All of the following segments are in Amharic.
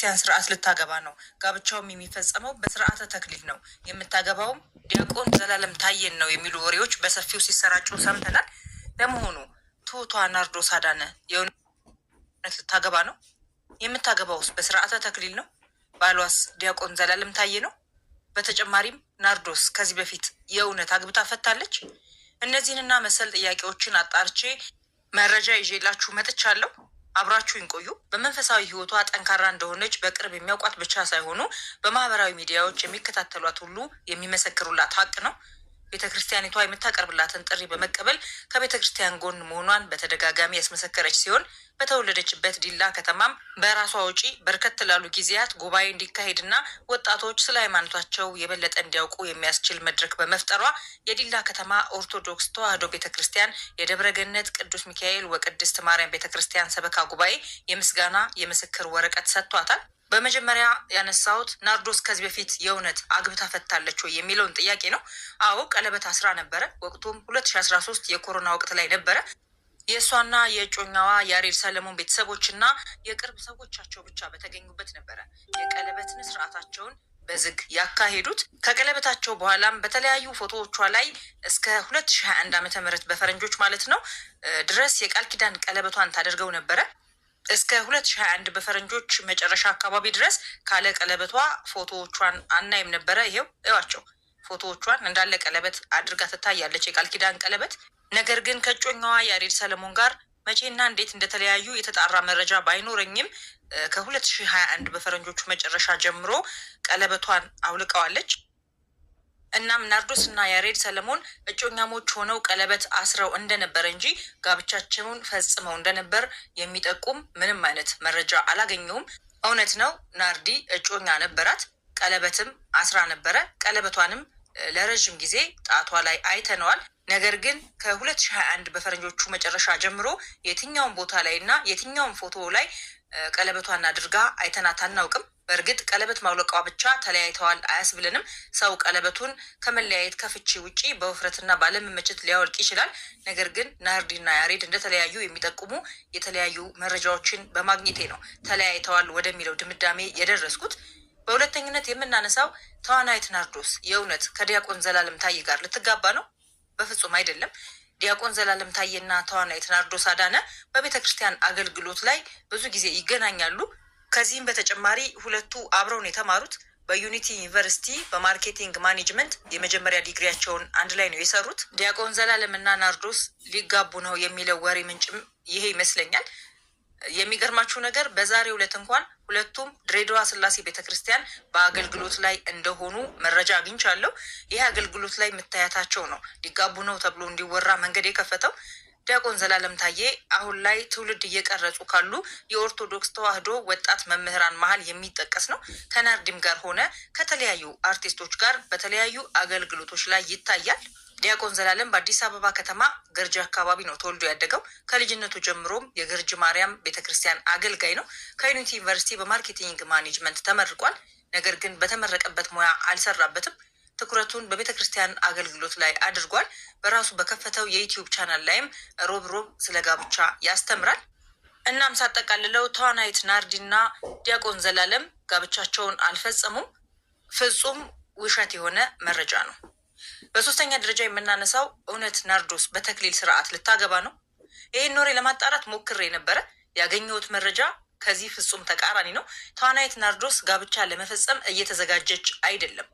ክርስቲያን ስርዓት ልታገባ ነው። ጋብቻውም የሚፈጸመው በስርዓተ ተክሊል ነው። የምታገባውም ዲያቆን ዘላለም ታየን ነው የሚሉ ወሬዎች በሰፊው ሲሰራጩ ሰምተናል። ለመሆኑ ትሁቷ ናርዶስ አዳነ የእውነት ልታገባ ነው? የምታገባውስ በስርዓተ ተክሊል ነው? ባሏስ ዲያቆን ዘላለም ታየ ነው? በተጨማሪም ናርዶስ ከዚህ በፊት የእውነት አግብታ ፈታለች? እነዚህንና መሰል ጥያቄዎችን አጣርቼ መረጃ ይዤላችሁ መጥቻለሁ። አብራችሁ ቆዩ። በመንፈሳዊ ህይወቷ ጠንካራ እንደሆነች በቅርብ የሚያውቋት ብቻ ሳይሆኑ በማህበራዊ ሚዲያዎች የሚከታተሏት ሁሉ የሚመሰክሩላት ሀቅ ነው። ቤተ ክርስቲያኒቷ የምታቀርብላትን ጥሪ በመቀበል ከቤተ ክርስቲያን ጎን መሆኗን በተደጋጋሚ ያስመሰከረች ሲሆን በተወለደችበት ዲላ ከተማም በራሷ ውጪ በርከት ላሉ ጊዜያት ጉባኤ እንዲካሄድና ወጣቶች ስለ ሃይማኖታቸው የበለጠ እንዲያውቁ የሚያስችል መድረክ በመፍጠሯ የዲላ ከተማ ኦርቶዶክስ ተዋህዶ ቤተ ክርስቲያን ቅዱስ ሚካኤል ወቅድስት ማርያም ቤተ ክርስቲያን ሰበካ ጉባኤ የምስጋና የምስክር ወረቀት ሰጥቷታል። በመጀመሪያ ያነሳሁት ናርዶስ ከዚህ በፊት የእውነት አግብታ ፈታለች ወይ የሚለውን ጥያቄ ነው። አዎ ቀለበት አስራ ነበረ። ወቅቱም ሁለት ሺ አስራ ሶስት የኮሮና ወቅት ላይ ነበረ። የእሷና የእጮኛዋ የአሬድ ሰለሞን ቤተሰቦች እና የቅርብ ሰዎቻቸው ብቻ በተገኙበት ነበረ የቀለበት ስርዓታቸውን በዝግ ያካሄዱት። ከቀለበታቸው በኋላም በተለያዩ ፎቶዎቿ ላይ እስከ ሁለት ሺ ሀያ አንድ በፈረንጆች ማለት ነው ድረስ የቃል ኪዳን ቀለበቷን ታደርገው ነበረ። እስከ 2021 በፈረንጆች መጨረሻ አካባቢ ድረስ ካለ ቀለበቷ ፎቶዎቿን አናይም ነበረ። ይሄው እዋቸው ፎቶዎቿን እንዳለ ቀለበት አድርጋ ትታያለች፣ የቃል ኪዳን ቀለበት። ነገር ግን ከእጮኛዋ ያሬድ ሰለሞን ጋር መቼና እንዴት እንደተለያዩ የተጣራ መረጃ ባይኖረኝም ከ2021 በፈረንጆቹ መጨረሻ ጀምሮ ቀለበቷን አውልቀዋለች። እናም ናርዶስ እና ያሬድ ሰለሞን እጮኛሞች ሆነው ቀለበት አስረው እንደነበረ እንጂ ጋብቻቸውን ፈጽመው እንደነበር የሚጠቁም ምንም አይነት መረጃ አላገኘውም። እውነት ነው፣ ናርዲ እጮኛ ነበራት፣ ቀለበትም አስራ ነበረ። ቀለበቷንም ለረዥም ጊዜ ጣቷ ላይ አይተነዋል። ነገር ግን ከ2021 በፈረንጆቹ መጨረሻ ጀምሮ የትኛውን ቦታ ላይ እና የትኛውን ፎቶ ላይ ቀለበቷን አድርጋ አይተናት አናውቅም። በእርግጥ ቀለበት ማውለቋ ብቻ ተለያይተዋል አያስብልንም። ሰው ቀለበቱን ከመለያየት ከፍቺ ውጪ በውፍረትና ባለመመቸት ሊያወልቅ ይችላል። ነገር ግን ናርዲና ያሬድ እንደተለያዩ የሚጠቁሙ የተለያዩ መረጃዎችን በማግኘቴ ነው ተለያይተዋል ወደሚለው ድምዳሜ የደረስኩት። በሁለተኝነት የምናነሳው ተዋናይት ናርዶስ የእውነት ከዲያቆን ዘላለም ታዬ ጋር ልትጋባ ነው? በፍጹም አይደለም። ዲያቆን ዘላለም ታዬና ተዋናይት ናርዶስ አዳነ በቤተክርስቲያን አገልግሎት ላይ ብዙ ጊዜ ይገናኛሉ። ከዚህም በተጨማሪ ሁለቱ አብረውን የተማሩት በዩኒቲ ዩኒቨርሲቲ በማርኬቲንግ ማኔጅመንት የመጀመሪያ ዲግሪያቸውን አንድ ላይ ነው የሰሩት። ዲያቆን ዘላለምና ናርዶስ ሊጋቡ ነው የሚለው ወሬ ምንጭም ይሄ ይመስለኛል። የሚገርማችሁ ነገር በዛሬው ዕለት እንኳን ሁለቱም ድሬዳዋ ስላሴ ቤተክርስቲያን በአገልግሎት ላይ እንደሆኑ መረጃ አግኝቻለሁ። ይህ አገልግሎት ላይ የምታያታቸው ነው ሊጋቡ ነው ተብሎ እንዲወራ መንገድ የከፈተው። ዲያቆን ዘላለም ታዬ አሁን ላይ ትውልድ እየቀረጹ ካሉ የኦርቶዶክስ ተዋህዶ ወጣት መምህራን መሀል የሚጠቀስ ነው። ከናርዲም ጋር ሆነ ከተለያዩ አርቲስቶች ጋር በተለያዩ አገልግሎቶች ላይ ይታያል። ዲያቆን ዘላለም በአዲስ አበባ ከተማ ገርጂ አካባቢ ነው ተወልዶ ያደገው። ከልጅነቱ ጀምሮም የገርጂ ማርያም ቤተክርስቲያን አገልጋይ ነው። ከዩኒቲ ዩኒቨርሲቲ በማርኬቲንግ ማኔጅመንት ተመርቋል። ነገር ግን በተመረቀበት ሙያ አልሰራበትም። ትኩረቱን በቤተ ክርስቲያን አገልግሎት ላይ አድርጓል። በራሱ በከፈተው የዩትዩብ ቻናል ላይም ሮብ ሮብ ስለ ጋብቻ ያስተምራል። እናም ሳጠቃልለው ተዋናይት ናርዲና ዲያቆን ዘላለም ጋብቻቸውን አልፈጸሙም። ፍጹም ውሸት የሆነ መረጃ ነው። በሶስተኛ ደረጃ የምናነሳው እውነት ናርዶስ በተክሊል ስርዓት ልታገባ ነው? ይህን ኖሬ ለማጣራት ሞክሬ የነበረ ያገኘሁት መረጃ ከዚህ ፍጹም ተቃራኒ ነው። ተዋናይት ናርዶስ ጋብቻ ለመፈጸም እየተዘጋጀች አይደለም።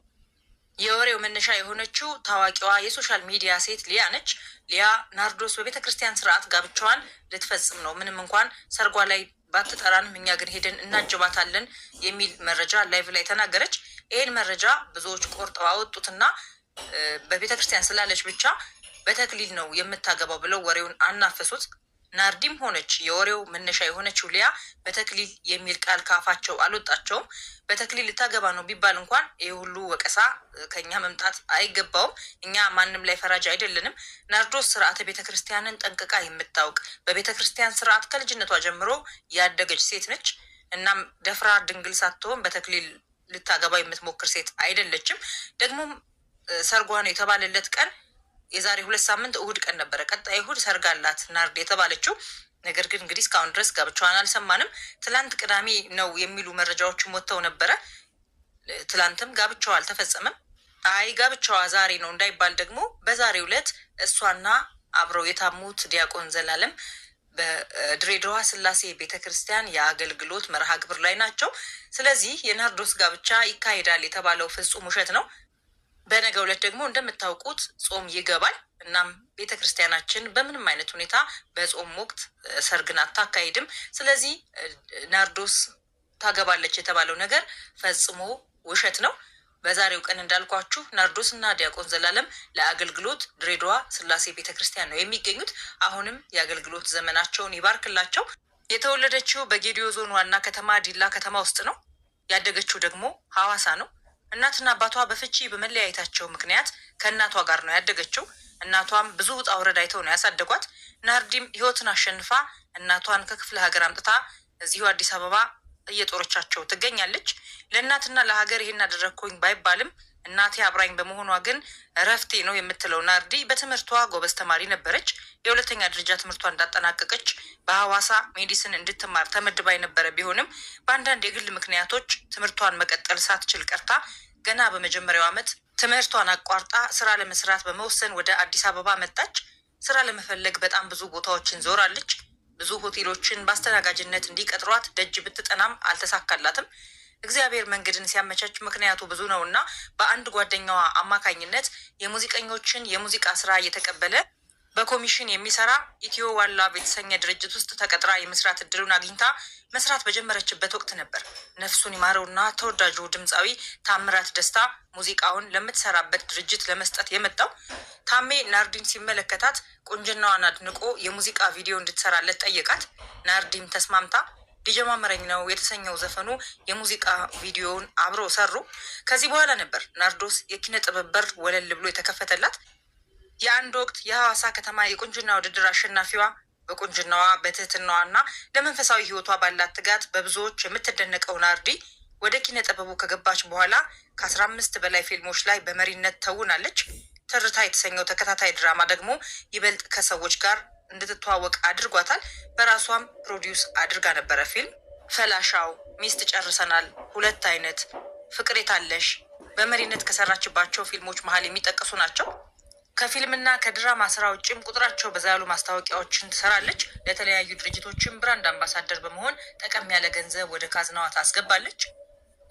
የወሬው መነሻ የሆነችው ታዋቂዋ የሶሻል ሚዲያ ሴት ሊያ ነች። ሊያ ናርዶስ በቤተ ክርስቲያን ስርዓት ጋብቻዋን ልትፈጽም ነው። ምንም እንኳን ሰርጓ ላይ ባትጠራንም እኛ ግን ሄደን እናጅባታለን የሚል መረጃ ላይቭ ላይ ተናገረች። ይህን መረጃ ብዙዎች ቆርጠው አወጡትና በቤተ ክርስቲያን ስላለች ብቻ በተክሊል ነው የምታገባው ብለው ወሬውን አናፈሱት። ናርዲም ሆነች የወሬው መነሻ የሆነችው ሊያ በተክሊል የሚል ቃል ካፋቸው አልወጣቸውም። በተክሊል ልታገባ ነው ቢባል እንኳን ይህ ሁሉ ወቀሳ ከኛ መምጣት አይገባውም። እኛ ማንም ላይ ፈራጅ አይደለንም። ናርዶስ ስርዓተ ቤተ ክርስቲያንን ጠንቅቃ የምታውቅ በቤተ ክርስቲያን ስርዓት ከልጅነቷ ጀምሮ ያደገች ሴት ነች። እናም ደፍራ ድንግል ሳትሆን በተክሊል ልታገባ የምትሞክር ሴት አይደለችም። ደግሞም ሰርጓ ነው የተባለለት ቀን የዛሬ ሁለት ሳምንት እሁድ ቀን ነበረ። ቀጣይ እሁድ ሰርጋላት ናርድ የተባለችው ነገር ግን እንግዲህ እስካሁን ድረስ ጋብቻዋን አልሰማንም። ትላንት ቅዳሜ ነው የሚሉ መረጃዎችም ወጥተው ነበረ። ትላንትም ጋብቻዋ አልተፈጸመም። አይ ጋብቻዋ ዛሬ ነው እንዳይባል ደግሞ በዛሬ ዕለት እሷና አብረው የታሙት ዲያቆን ዘላለም በድሬዳዋ ስላሴ ቤተ ክርስቲያን የአገልግሎት መርሃ ግብር ላይ ናቸው። ስለዚህ የናርዶስ ጋብቻ ይካሄዳል የተባለው ፍጹም ውሸት ነው። በነገ ዕለት ደግሞ እንደምታውቁት ጾም ይገባል። እናም ቤተ ክርስቲያናችን በምንም አይነት ሁኔታ በጾም ወቅት ሰርግን አታካሂድም። ስለዚህ ናርዶስ ታገባለች የተባለው ነገር ፈጽሞ ውሸት ነው። በዛሬው ቀን እንዳልኳችሁ ናርዶስ እና ዲያቆን ዘላለም ለአገልግሎት ድሬዳዋ ስላሴ ቤተ ክርስቲያን ነው የሚገኙት። አሁንም የአገልግሎት ዘመናቸውን ይባርክላቸው። የተወለደችው በጌዲዮ ዞን ዋና ከተማ ዲላ ከተማ ውስጥ ነው። ያደገችው ደግሞ ሐዋሳ ነው። እናትና አባቷ በፍቺ በመለያየታቸው ምክንያት ከእናቷ ጋር ነው ያደገችው። እናቷም ብዙ ውጣ ውረድ አይተው ነው ያሳደጓት። ናርዲም ህይወትን አሸንፋ እናቷን ከክፍለ ሀገር አምጥታ እዚሁ አዲስ አበባ እየጦረቻቸው ትገኛለች። ለእናትና ለሀገር ይህን አደረግኩኝ ባይባልም እናቴ አብራኝ በመሆኗ ግን እረፍቴ ነው የምትለው ናርዲ በትምህርቷ ጎበዝ ተማሪ ነበረች። የሁለተኛ ደረጃ ትምህርቷ እንዳጠናቀቀች በሐዋሳ ሜዲሲን እንድትማር ተመድባ የነበረ ቢሆንም በአንዳንድ የግል ምክንያቶች ትምህርቷን መቀጠል ሳትችል ቀርታ ገና በመጀመሪያው ዓመት ትምህርቷን አቋርጣ ስራ ለመስራት በመወሰን ወደ አዲስ አበባ መጣች። ስራ ለመፈለግ በጣም ብዙ ቦታዎችን ዞራለች። ብዙ ሆቴሎችን በአስተናጋጅነት እንዲቀጥሯት ደጅ ብትጠናም አልተሳካላትም። እግዚአብሔር መንገድን ሲያመቻች ምክንያቱ ብዙ ነው እና በአንድ ጓደኛዋ አማካኝነት የሙዚቀኞችን የሙዚቃ ስራ እየተቀበለ በኮሚሽን የሚሰራ ኢትዮ ዋላ በተሰኘ ድርጅት ውስጥ ተቀጥራ የመስራት እድሉን አግኝታ መስራት በጀመረችበት ወቅት ነበር ነፍሱን ይማረውና ተወዳጁ ድምፃዊ ታምራት ደስታ ሙዚቃውን ለምትሰራበት ድርጅት ለመስጠት የመጣው። ታሜ ናርዲም ሲመለከታት ቁንጅናዋን አድንቆ የሙዚቃ ቪዲዮ እንድትሰራለት ጠየቃት። ናርዲም ተስማምታ ሊጀማመረኝ ነው የተሰኘው ዘፈኑ የሙዚቃ ቪዲዮውን አብሮ ሰሩ። ከዚህ በኋላ ነበር ናርዶስ የኪነ ጥበብ በር ወለል ብሎ የተከፈተላት። የአንድ ወቅት የሐዋሳ ከተማ የቁንጅና ውድድር አሸናፊዋ በቁንጅናዋ በትህትናዋና ለመንፈሳዊ ህይወቷ ባላት ትጋት በብዙዎች የምትደነቀው ናርዲ ወደ ኪነ ጥበቡ ከገባች በኋላ ከአስራ አምስት በላይ ፊልሞች ላይ በመሪነት ተውናለች። ትርታ የተሰኘው ተከታታይ ድራማ ደግሞ ይበልጥ ከሰዎች ጋር እንድትተዋወቅ አድርጓታል። በራሷም ፕሮዲውስ አድርጋ ነበረ ፊልም ፈላሻው፣ ሚስት ጨርሰናል፣ ሁለት አይነት፣ ፍቅር የታለሽ በመሪነት ከሰራችባቸው ፊልሞች መሀል የሚጠቀሱ ናቸው። ከፊልምና ከድራማ ስራ ውጭም ቁጥራቸው በዛ ያሉ ማስታወቂያዎችን ትሰራለች። ለተለያዩ ድርጅቶችን ብራንድ አምባሳደር በመሆን ጠቀም ያለ ገንዘብ ወደ ካዝናዋ ታስገባለች።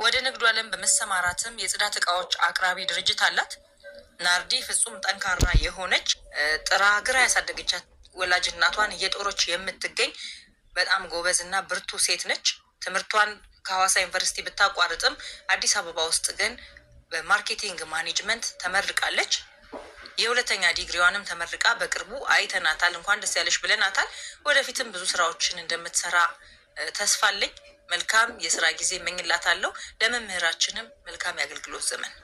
ወደ ንግዱ ዓለም በመሰማራትም የጽዳት እቃዎች አቅራቢ ድርጅት አላት። ናርዲ ፍጹም ጠንካራ የሆነች ጥራ ግራ ያሳደገቻት ወላጅ እናቷን እየጦሮች የምትገኝ በጣም ጎበዝ እና ብርቱ ሴት ነች። ትምህርቷን ከሐዋሳ ዩኒቨርሲቲ ብታቋርጥም አዲስ አበባ ውስጥ ግን በማርኬቲንግ ማኔጅመንት ተመርቃለች። የሁለተኛ ዲግሪዋንም ተመርቃ በቅርቡ አይተናታል። እንኳን ደስ ያለሽ ብለናታል። ወደፊትም ብዙ ስራዎችን እንደምትሰራ ተስፋለኝ። መልካም የስራ ጊዜ እመኝላታለሁ። ለመምህራችንም መልካም የአገልግሎት ዘመን